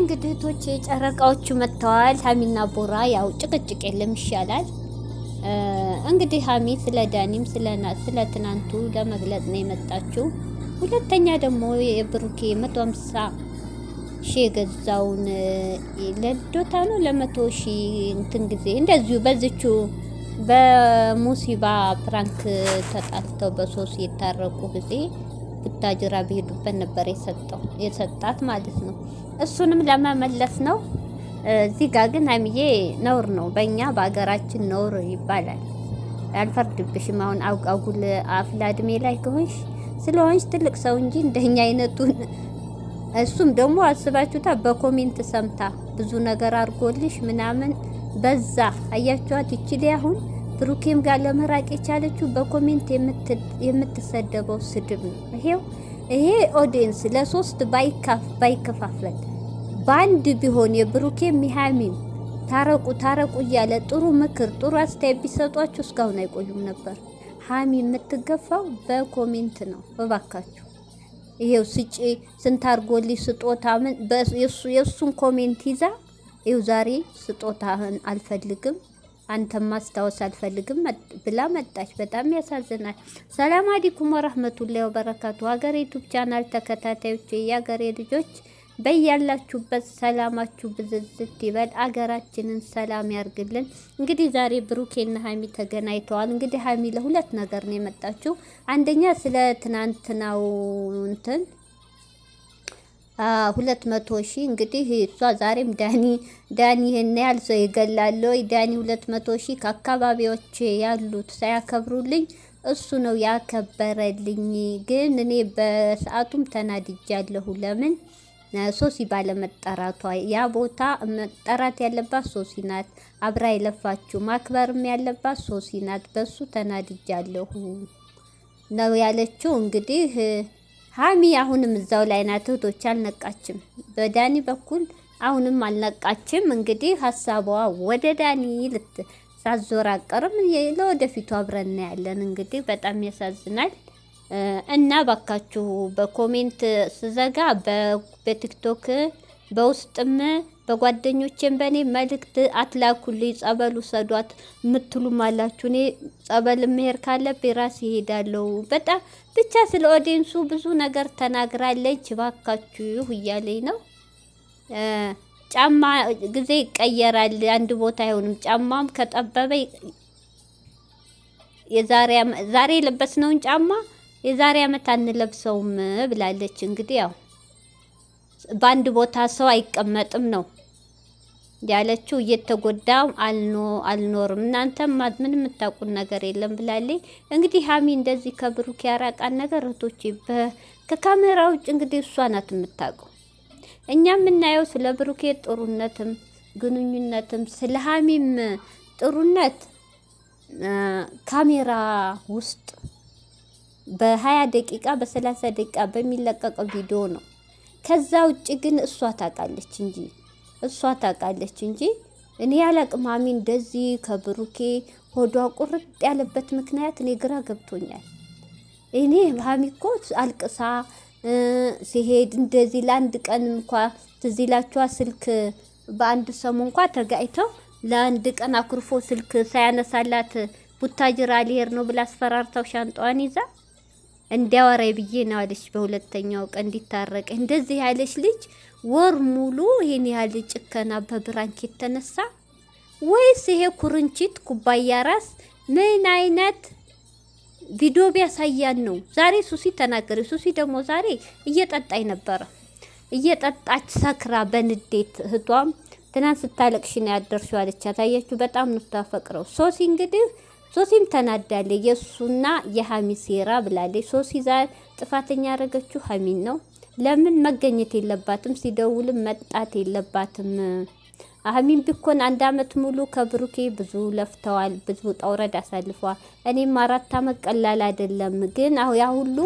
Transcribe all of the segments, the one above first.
እንግዲህ እህቶቼ ጨረቃዎቹ መጥተዋል። ሀሚና ቦራ ያው ጭቅጭቅ የለም ይሻላል። እንግዲህ ሀሚ ስለ ዳኒም ስለ ትናንቱ ለመግለጽ ነው የመጣችው። ሁለተኛ ደግሞ የብሩኬ መቶ አምሳ ሺ የገዛውን ለልዶታ ነው ለመቶ ሺ እንትን ጊዜ እንደዚሁ በዝቹ በሙሲባ ፕራንክ ተጣልተው በሶስት የታረቁ ጊዜ ብታጅራ ቢሄዱበት ነበር የሰጠው የሰጣት ማለት ነው። እሱንም ለመመለስ ነው። እዚህ ጋር ግን ሀይሚዬ ነውር ነው፣ በእኛ በሀገራችን ነውር ይባላል። አልፈርድብሽም። አሁን አጉል አፍላ እድሜ ላይ ከሆንሽ ስለሆንሽ ትልቅ ሰው እንጂ እንደኛ አይነቱን እሱም ደግሞ አስባችሁታ በኮሜንት ሰምታ ብዙ ነገር አድርጎልሽ ምናምን በዛ አያችኋት ይችል አሁን ብሩኬም ጋር ለመራቅ የቻለችው በኮሜንት የምትሰደበው ስድብ ነው። ይሄው ይሄ ኦዲየንስ ለሶስት ባይከፋፈል በአንድ ቢሆን የብሩኬም ሚሃሚም ታረቁ ታረቁ እያለ ጥሩ ምክር ጥሩ አስተያየት ቢሰጧችሁ እስካሁን አይቆዩም ነበር። ሀሚ የምትገፋው በኮሜንት ነው። እባካችሁ ይሄው ስጪ ስንታርጎልሽ ስጦታ ምን የእሱን ኮሜንት ይዛ ይው ዛሬ ስጦታህን አልፈልግም አንተም ማስታወስ አልፈልግም ብላ መጣች። በጣም ያሳዝናል። ሰላም አለይኩም ወራህመቱላሂ ወበረካቱ። ሀገሬ ዩቱብ ቻናል ተከታታዮች የሀገሬ ልጆች በያላችሁበት ሰላማችሁ ብዝዝት ይበል። አገራችንን ሰላም ያርግልን። እንግዲህ ዛሬ ብሩኬና ሀሚ ተገናኝተዋል። እንግዲህ ሀሚ ለሁለት ነገር ነው የመጣችው። አንደኛ ስለ ትናንትናው እንትን ሁለት መቶ ሺ እንግዲህ እሷ ዛሬም ዳኒ ዳኒ ይሄን ያህል ሰው ይገላል ወይ ዳኒ ሁለት መቶ ሺ ከአካባቢዎች ያሉት ሳያከብሩልኝ እሱ ነው ያከበረልኝ። ግን እኔ በሰዓቱም ተናድጃለሁ። ለምን ሶሲ ባለመጠራቷ ያ ቦታ መጠራት ያለባት ሶሲ ናት። አብራ የለፋችሁ ማክበርም ያለባት ሶሲ ናት። በሱ ተናድጃለሁ ነው ያለችው እንግዲህ ሀሚ አሁንም እዛው ላይ ናት። እህቶች አልነቃችም፣ በዳኒ በኩል አሁንም አልነቃችም። እንግዲህ ሀሳቧ ወደ ዳኒ ልት ሳዞር አቀርም ለወደፊቱ አብረን ያለን እንግዲህ በጣም ያሳዝናል። እና ባካችሁ በኮሜንት ስዘጋ በቲክቶክ በውስጥም በጓደኞቼም በእኔ መልእክት አትላኩልኝ፣ ጸበሉ ሰዷት የምትሉም አላችሁ። እኔ ጸበል መሄድ ካለብኝ ራስ ይሄዳለሁ። በጣም ብቻ ስለ ኦዲንሱ ብዙ ነገር ተናግራለች። እባካችሁ እያለኝ ነው። ጫማ ጊዜ ይቀየራል፣ አንድ ቦታ አይሆንም። ጫማም ከጠበበ የዛሬ ዛሬ የለበስነውን ጫማ የዛሬ አመት አንለብሰውም ብላለች። እንግዲህ ያው በአንድ ቦታ ሰው አይቀመጥም ነው ያለችው። እየተጎዳ አልኖርም እናንተም ምን የምታውቁን ነገር የለም ብላለች። እንግዲህ ሀሚ እንደዚህ ከብሩክ ያራቃን ነገር እህቶቼ ከካሜራ ውጭ እንግዲህ እሷ ናት የምታውቀው። እኛ የምናየው ስለ ብሩኬ ጥሩነትም ግንኙነትም ስለ ሀሚም ጥሩነት ካሜራ ውስጥ በሀያ ደቂቃ በሰላሳ ደቂቃ በሚለቀቀው ቪዲዮ ነው። ከዛ ውጭ ግን እሷ ታውቃለች እንጂ እሷ ታውቃለች እንጂ እኔ ያለቅ ማሚ እንደዚህ ከብሩኬ ሆዷ ቁርጥ ያለበት ምክንያት እኔ ግራ ገብቶኛል። እኔ ማሚ እኮ አልቅሳ ሲሄድ እንደዚህ ለአንድ ቀን እንኳ ትዝ ስልክ በአንድ ሰሙ እንኳ ተጋይተው ለአንድ ቀን አኩርፎ ስልክ ሳያነሳላት ቡታጅራ ሊሄድ ነው ብላ አስፈራርተው ሻንጣዋን ይዛ እንዲያወራይ ብዬ ነው ናዋለሽ። በሁለተኛው ቀን እንዲታረቅ እንደዚህ ያለች ልጅ ወር ሙሉ ይህን ያህል ጭከና በብራንክ የተነሳ ወይስ ይሄ ኩርንችት ኩባያ ራስ ምን አይነት ቪዲዮ ቢያሳያን ነው? ዛሬ ሱሲ ተናገረ። ሱሲ ደግሞ ዛሬ እየጠጣኝ ነበረ፣ እየጠጣች ሰክራ በንዴት እህቷም ትናንት ስታለቅሽ ነው ያደርሽው አለቻት። አያችሁ፣ በጣም ነው ታፈቅረው ሶሲ እንግዲህ ሶሲም ተናዳለች። የእሱና የሀሚ ሴራ ብላለች። ሶሲ ዛሬ ጥፋተኛ ያደረገችው ሀሚን ነው። ለምን መገኘት የለባትም ሲደውልም መጣት የለባትም። ሀሚን ቢኮን አንድ አመት ሙሉ ከብሩኬ ብዙ ለፍተዋል፣ ብዙ ጠውረድ አሳልፈዋል። እኔም አራት አመት ቀላል አይደለም፣ ግን ያ ሁሉ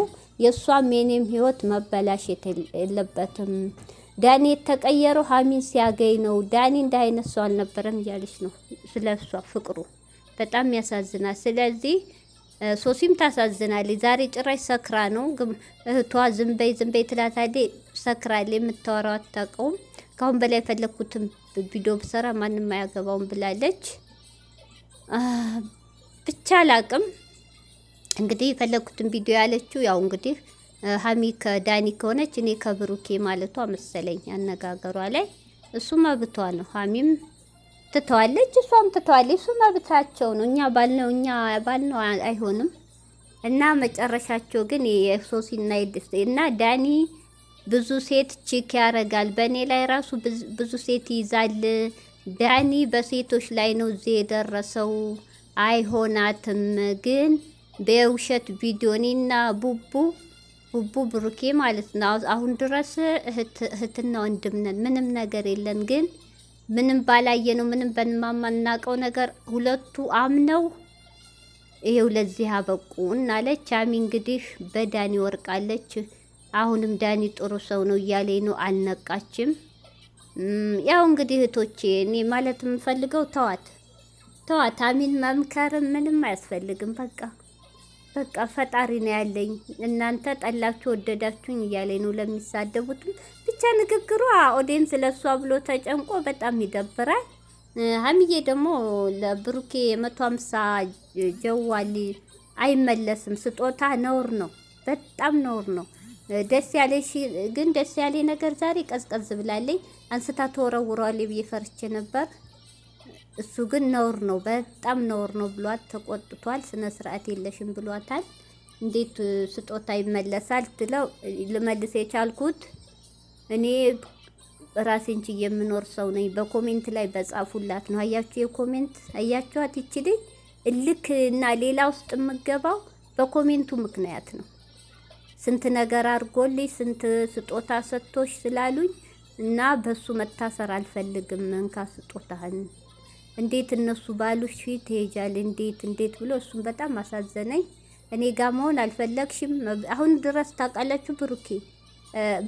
የእሷም የኔም ህይወት መበላሸት የለበትም። ዳኒ የተቀየረው ሀሚን ሲያገኝ ነው። ዳኒ እንደ አይነት ሰው አልነበረም እያለች ነው ስለ እሷ ፍቅሩ በጣም ያሳዝናል። ስለዚህ ሶሲም ታሳዝናል። ዛሬ ጭራሽ ሰክራ ነው እህቷ ዝንበይ ዝንበይ ትላታለች። ሰክራል የምታወራው አታውቀውም። ከአሁን በላይ የፈለግኩትን ቪዲዮ ብሰራ ማንም አያገባውም ብላለች። ብቻ አላቅም እንግዲህ የፈለግኩትን ቪዲዮ ያለችው ያው እንግዲህ ሀሚ ከዳኒ ከሆነች እኔ ከብሩኬ ማለቷ መሰለኝ አነጋገሯ ላይ እሱ መብቷ ነው ሀሚም ትተዋለች፣ እሷም ትተዋለች። እሱ መብታቸው ነው። እኛ ባልነው እኛ ባልነው አይሆንም እና መጨረሻቸው ግን የሶሲና እና ዳኒ ብዙ ሴት ቺክ ያረጋል። በእኔ ላይ ራሱ ብዙ ሴት ይዛል። ዳኒ በሴቶች ላይ ነው እዚህ የደረሰው። አይሆናትም ግን በውሸት ቪዲዮኒና ቡቡ ቡቡ ብሩኬ ማለት ነው። አሁን ድረስ እህትና ወንድም ነን፣ ምንም ነገር የለን ግን ምንም ባላየ ነው ምንም በማናውቀው ነገር ሁለቱ አምነው ይሄው ለዚህ አበቁ እና አሚ እንግዲህ በዳኒ ወርቃለች። አሁንም ዳኒ ጥሩ ሰው ነው እያለኝ ነው፣ አልነቃችም። ያው እንግዲህ እህቶቼ እኔ ማለት የምፈልገው ተዋት ተዋት፣ አሚን መምከር ምንም አያስፈልግም በቃ በቃ ፈጣሪ ነው ያለኝ። እናንተ ጠላችሁ ወደዳችሁኝ እያለኝ ነው ለሚሳደቡትም። ብቻ ንግግሯ ኦዲየንስ ለእሷ ብሎ ተጨንቆ በጣም ይደብራል። ሀሚዬ ደግሞ ለብሩኬ የመቶ ሀምሳ ጀዋሊ አይመለስም። ስጦታ ነውር ነው፣ በጣም ነውር ነው። ደስ ያለ ግን ደስ ያለ ነገር ዛሬ ቀዝቀዝ ብላለኝ። አንስታ ተወረውረዋል ብዬ ፈርቼ ነበር። እሱ ግን ነውር ነው፣ በጣም ነውር ነው ብሏት ተቆጥቷል። ስነ ስርዓት የለሽም ብሏታል። እንዴት ስጦታ ይመለሳል ትለው ልመልስ የቻልኩት እኔ ራሴን ችዬ የምኖር ሰው ነኝ። በኮሜንት ላይ በጻፉላት ነው። አያችሁ፣ የኮሜንት አያችኋት። ይችልኝ እልክ እና ሌላ ውስጥ የምገባው በኮሜንቱ ምክንያት ነው። ስንት ነገር አድርጎልኝ ስንት ስጦታ ሰጥቶሽ ስላሉኝ እና በሱ መታሰር አልፈልግም። እንካ ስጦታህን እንዴት እነሱ ባሉሽ ፊት ትሄጃል? እንዴት እንዴት ብሎ እሱም በጣም አሳዘነኝ። እኔ ጋር መሆን አልፈለግሽም። አሁን ድረስ ታውቃላችሁ ብሩኬ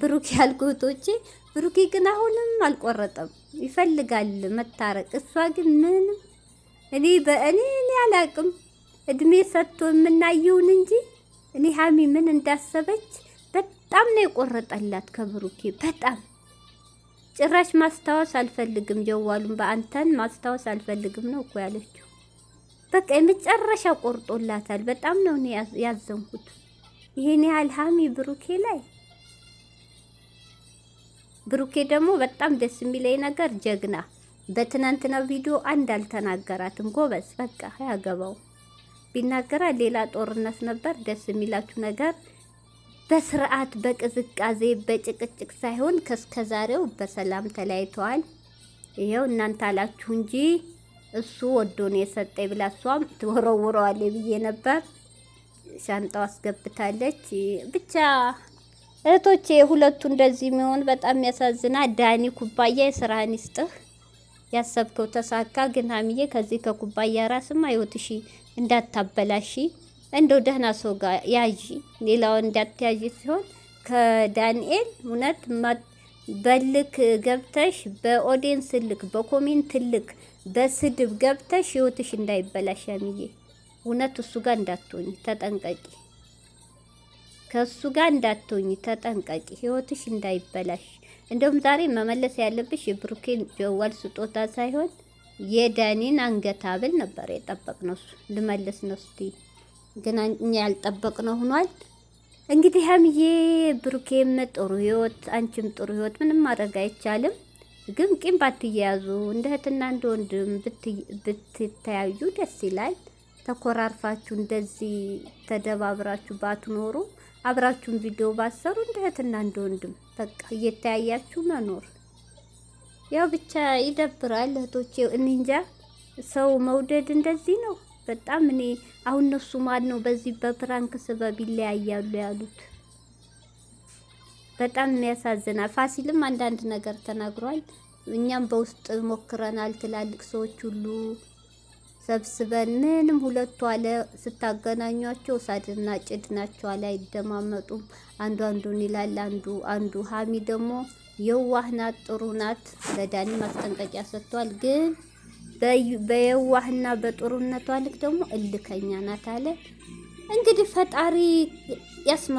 ብሩኬ ያልጎቶቼ ብሩኬ ግን አሁንም አልቆረጠም፣ ይፈልጋል መታረቅ። እሷ ግን ምንም እኔ በእኔ እኔ አላቅም እድሜ ሰጥቶ የምናየውን እንጂ እኔ ሀሚ ምን እንዳሰበች በጣም ነው የቆረጠላት ከብሩኬ በጣም ጭራሽ ማስታወስ አልፈልግም፣ ጀዋሉን በአንተን ማስታወስ አልፈልግም ነው እኮ ያለችው። በቃ የመጨረሻ ቆርጦላታል። በጣም ነው ያዘንኩት። ይሄን ያህል ሀሚ ብሩኬ ላይ ብሩኬ ደግሞ በጣም ደስ የሚለኝ ነገር ጀግና በትናንትና ቪዲዮ አንድ አልተናገራትም። ጎበዝ በቃ ያገባው ቢናገራ ሌላ ጦርነት ነበር። ደስ የሚላችሁ ነገር በስርዓት በቅዝቃዜ በጭቅጭቅ ሳይሆን ከስከዛሬው በሰላም ተለያይተዋል። ይኸው እናንተ አላችሁ እንጂ እሱ ወዶ ነው የሰጠኝ ብላ እሷም ትወረውረዋል ብዬ ነበር። ሻንጣው አስገብታለች። ብቻ እህቶቼ ሁለቱ እንደዚህ የሚሆን በጣም ያሳዝና። ዳኒ ኩባያ የስራህን ይስጥህ። ያሰብከው ተሳካ። ግን ሀሚዬ ከዚህ ከኩባያ ራስም አይወትሺ እንዳታበላሺ እንደው ደህና ሰው ጋር ያዢ፣ ሌላውን እንዳትያዢ ሲሆን ከዳንኤል እውነት በልክ ገብተሽ በኦዲየንስ ልክ በኮሜንት ልክ በስድብ ገብተሽ ህይወትሽ እንዳይበላሽ ያሚዬ እውነት እሱ ጋር እንዳትሆኝ ተጠንቀቂ። ከሱ ጋር እንዳትሆኝ ተጠንቀቂ፣ ህይወትሽ እንዳይበላሽ። እንደውም ዛሬ መመለስ ያለብሽ የብሩኬን ጀዋል ስጦታ ሳይሆን የዳኒን አንገት ሀብል ነበር የጠበቅነው። ነው። እሱ ልመልስ ነው ስትይ ግን እኛ ያልጠበቅነው ሆኗል። እንግዲህ ሀምዬ ብሩኬም ጥሩ ህይወት፣ አንቺም ጥሩ ህይወት። ምንም ማድረግ አይቻልም። ግን ቂም ባትያያዙ እንደ እህትና እንደ ወንድም ብትተያዩ ደስ ይላል። ተኮራርፋችሁ እንደዚህ ተደባብራችሁ ባትኖሩ አብራችሁን ቪዲዮ ባሰሩ እንደ እህትና እንደ ወንድም በቃ እየተያያችሁ መኖር ያው ብቻ ይደብራል እህቶቼ። እንጃ ሰው መውደድ እንደዚህ ነው። በጣም እኔ አሁን እነሱ ማን ነው በዚህ በፕራንክ ሰበብ ይለያያሉ ያሉት በጣም የሚያሳዝናል። ፋሲልም አንዳንድ ነገር ተናግሯል። እኛም በውስጥ ሞክረናል። ትላልቅ ሰዎች ሁሉ ሰብስበን ምንም ሁለቱ አለ ስታገናኟቸው ሳድና ጭድ ናቸው አለ አይደማመጡም። አንዱ አንዱን ይላል። አንዱ አንዱ ሀሚ ደግሞ የዋህ ናት፣ ጥሩ ናት። ለዳኒ ማስጠንቀቂያ ሰጥቷል ግን በየዋህና በጥሩነቷ ልክ ደግሞ እልከኛ ናት አለ። እንግዲህ ፈጣሪ ያስማ